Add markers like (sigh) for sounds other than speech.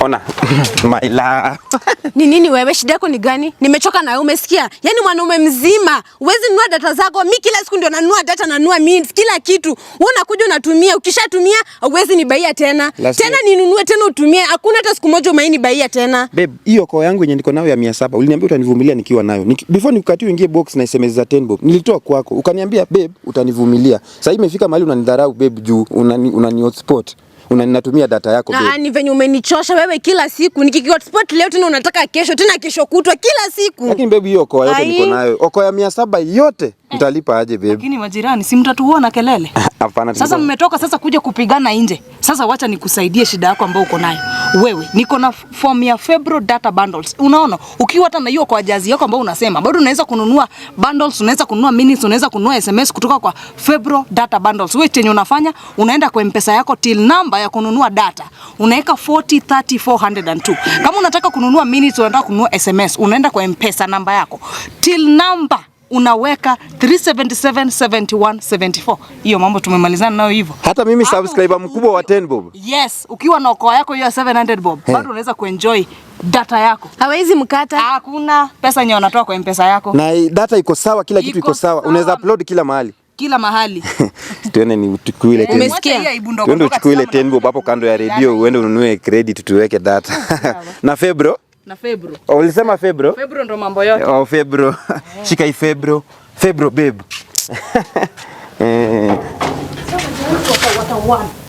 Ona (laughs) My love. (laughs) Ni nini wewe, shida yako ni gani? Nimechoka na wewe, umesikia? Yaani mwanaume mzima, uwezi nunua data zako. Mimi kila siku ndio nanunua data, nanunua mi kila kitu. Wewe unakuja unatumia, ukishatumia huwezi nibaia tena. Last tena ninunue tena utumie. Hakuna hata siku moja umeini baia tena. Babe, hiyo kwa yangu yenye niko nayo ya 700, uliniambia utanivumilia nikiwa nayo. Nik before nikukati uingie box na SMS za 10 bob. Nilitoa kwako. Ukaniambia babe, utanivumilia. Sasa imefika mahali unanidharau babe juu unani, unani hotspot unanatumia data yako. Na ni venye umenichosha wewe, kila siku nikikiwa hotspot leo tena unataka kesho tena kesho kutwa kila siku. Lakini baby hiyo okoa yote niko nayo, okoa ya mia saba yote Mtalipa eh. aje babe? Lakini majirani si mtatuona kelele. (laughs) Hapana. Sasa mmetoka sasa kuja kupigana nje. Sasa wacha nikusaidie shida yako ambayo uko nayo. Wewe niko na form ya Febro data bundles. Unaona? Ukiwa hata na hiyo kwa jazi yako ambayo unasema, bado unaweza kununua bundles, unaweza kununua minutes, unaweza kununua SMS kutoka kwa Febro data bundles. Wewe chenye unafanya, unaenda kwa Mpesa yako till number ya kununua data. Unaweka 403402. Kama unataka kununua minutes, unataka kununua SMS, unaenda kwa Mpesa pesa namba yako till number unaweka 377 3777174. Hiyo mambo tumemalizana nayo hivyo. Hata mimi subscriber mkubwa wa 10 bob. Yes, ukiwa na okoa yako hiyo 700 bob, eh. bado unaweza kuenjoy data yako. Hawezi mkata. Hakuna pesa yenye unatoa kwa mpesa yako. Na data iko sawa, kila kitu iko sawa. Unaweza upload kila mahali. (laughs) Kila mahali. (laughs) Tuende ni uchukue ile eh, tena. Tuende uchukue ile 10 hapo kando ya redio uende ununue credit tuweke data. (laughs) Na Febro na Febro. Oh, ulisema Febro? Febro ndo mambo yote. Oh, Febro. Eh. Shika hii Febro. Febro babe. (laughs) Eh.